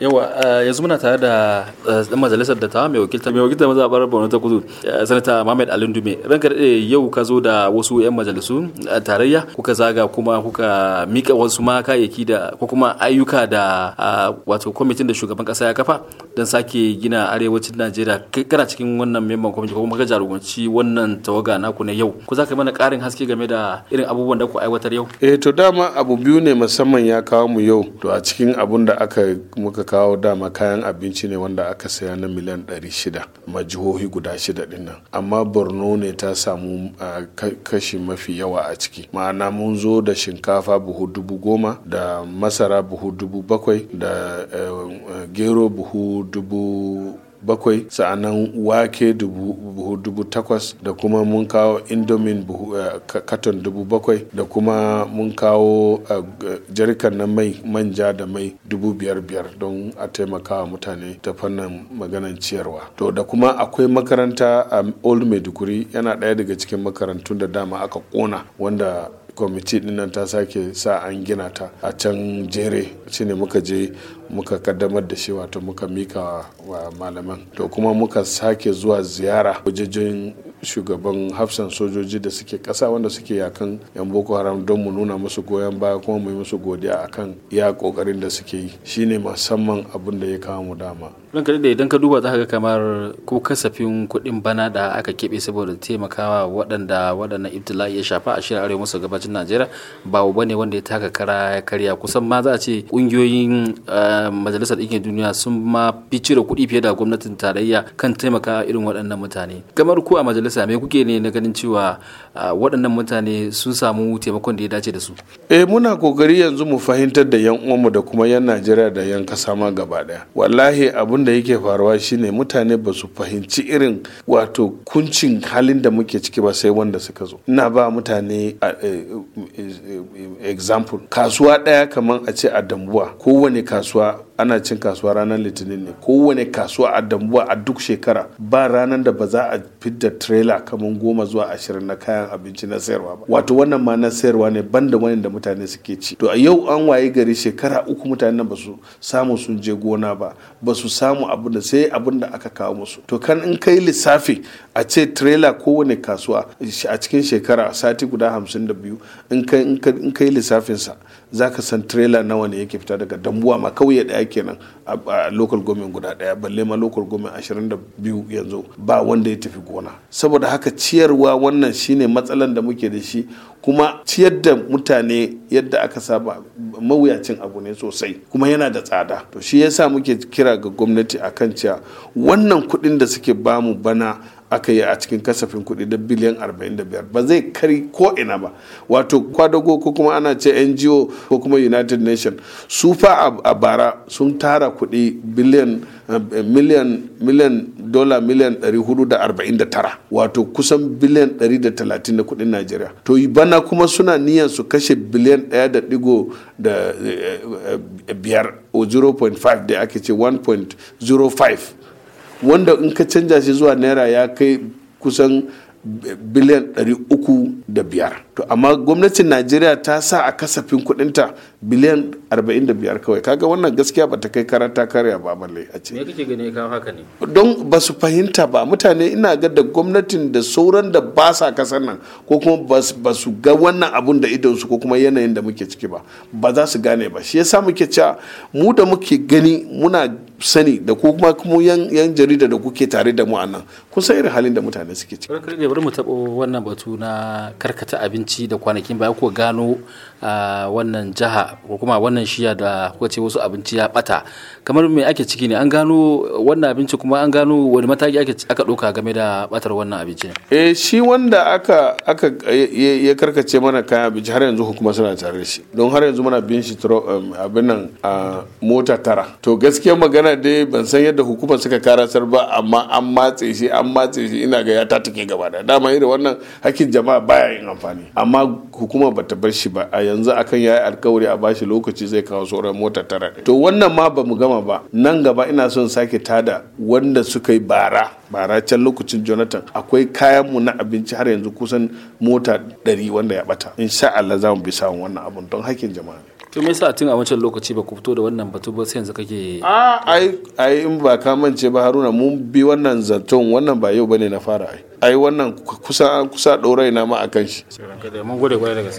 yawa eh, yanzu muna tare da dan eh, majalisar da ta mai wakilta mai wakilta mazabar Borno ta Kudu eh, sanata Mohammed Ali Dume ranka dade yau ka zo da wasu yan majalisu a tarayya kuka zaga kuma kuka mika wasu ma kayayyaki da ko kuma ayyuka da ah, wato kwamitin da shugaban kasa ya kafa don sake gina arewacin Najeriya kana cikin wannan memban kwamitin ko kuma ka jarumci wannan tawaga naku na yau ku za ka mana karin haske game da irin abubuwan da ku aiwatar yau eh to dama abu biyu ne musamman ya kawo mu yau to a cikin abun da aka muka kawo dama kayan abinci ne wanda aka saya na miliyan 600 majihohi guda shida dinnan amma borno ne ta samu kashi mafi yawa a ciki ma'ana mun zo da shinkafa buhu dubu goma da masara buhu dubu bakwai da eh, eh, gero buhu dubu bakwai sa'anan wake buhu dubu takwas da kuma mun kawo indomin buhu eh, katon dubu bakwai da kuma mun kawo eh, jarikan na mai manja da mai dubu biyar biyar don a taimaka wa mutane ta fannin maganan ciyarwa to da kuma akwai makaranta a um, old maiduguri yana ɗaya daga cikin makarantun da dama aka kona wanda kwamiti dinnan ta sake sa an gina ta a can jere shine muka je muka kaddamar da shi wato muka mika wa malaman to kuma muka sake zuwa ziyara wajejen shugaban hafsan sojoji da suke kasa wanda suke yakan 'yan boko haram don mu nuna musu goyon baya kuma mu yi musu godiya akan iya ƙoƙarin da suke yi shine musamman abin da ya kawo mu dama ranka da idan ka duba za ga kamar ko kasafin kuɗin bana da aka keɓe saboda taimakawa waɗanda waɗannan ibtila'i ya shafa a shirin arewa maso gabacin najeriya ba wa bane wanda ya taka kara ya karya kusan ma za a ce ƙungiyoyin eh, majalisar ɗinkin duniya sun ma fi cire kuɗi fiye da gwamnatin tarayya kan taimaka irin waɗannan mutane kamar ku a majalisar majalisa me kuke ne na ganin cewa waɗannan mutane sun samu taimakon da ya dace da su eh muna kokari yanzu mu fahimtar da yan uwanmu da kuma yan najeriya da yan kasa ma gaba daya wallahi abin da yake faruwa shine mutane ba su fahimci irin wato kuncin halin da muke ciki ba sai wanda suka zo ina ba mutane e, e, e, example kasuwa ɗaya kamar a ce a dambuwa kowane kasuwa ana cin kasuwa ranar litinin ne kowane kasuwa a dambuwa a duk shekara ba ranar da ba za a fidda trailer kamar goma zuwa ashirin na kayan abinci na sayarwa ba wato wannan ma na sayarwa ne ban da wani da mutane suke ci to a yau an waye gari shekara uku mutanen ba su samu sun je gona ba ba su samu abin da sai abin da aka kawo musu to kan in kai lissafi a ce trailer kowane kasuwa a cikin shekara sati guda hamsin da biyu in kai lissafinsa za ka san trailer nawa ne yake fita daga dambuwa ma kauye ɗaya. kenan a local government guda ɗaya balle ma local government ashirin da biyu yanzu ba wanda ya tafi gona saboda haka ciyarwa wannan shine matsalan da muke da shi kuma ciyar da mutane yadda aka saba mawuyacin abu ne sosai kuma yana da tsada to shi yasa muke kira ga gwamnati akan cewa wannan kuɗin da suke bamu bana aka yi a cikin kasafin kuɗi da biliyan 45 ba zai kari ko ina ba wato kwadago ko kuma ana ce ngo ko kuma united nation su fa a bara sun tara kuɗi biliyan miliyan miliyan dola miliyan 449 wato kusan biliyan 130 na kuɗin najeriya to bana kuma suna niyan su kashe biliyan 1 da digo da eh, eh, biyar 0.5 da ake ce 1.05 wanda in ka canja shi zuwa naira ya kai kusan biliyan 305 to amma gwamnatin najeriya ta sa a kasafin kudinta biliyan 45 kawai kaga wannan gaskiya ba ta kai karanta karya ba balle a ce don ba su fahimta ba mutane ina ga da gwamnatin da sauran da ba sa kasan nan ko kuma ba su ga wannan abun da idon su ko kuma yanayin da muke ciki ba ba za su gane ba shi yasa muke cewa mu da muke gani muna sani da ko kuma kuma yan, jarida da kuke tare da mu a nan kun san irin halin da mutane suke ciki kar bari mu taɓo wannan batu na karkata abinci da kwanakin baya ko gano ah, wannan jiha ko kuma wannan shiya da ko ce wasu abinci ya bata kamar me ake ciki ne an gano wannan abinci kuma an gano wani mataki ake aka ɗauka game da batar wannan abinci eh shi wanda aka aka ya karkace mana kayan abinci har yanzu hukuma suna tare shi don har yanzu muna bin shi abin nan a mota tara to gaskiya magana dai ban san yadda hukuma suka karasar ba amma an matse shi an matse shi ina ga ya gaba da dama irin wannan hakkin jama'a baya yin amfani amma hukuma bata bar shi ba a yanzu akan yayi alkawari a bashi lokaci zai kawo sauran mota tara to wannan ma ba mu gama ba nan gaba ina son sake tada wanda suka yi bara bara can lokacin jonathan akwai kayan mu na abinci har yanzu kusan mota dari wanda ya bata insha Allah za mu bi samun wannan abun don hakkin jama'a to me yasa tun a wancan lokaci ba ku fito da wannan batu ba sai yanzu kake a ai ai in ba ka mance ba Haruna mun bi wannan zaton wannan ba yau bane na fara ai ai wannan kusa kusa dorai na ma akan shi mun gode kwarai da gaske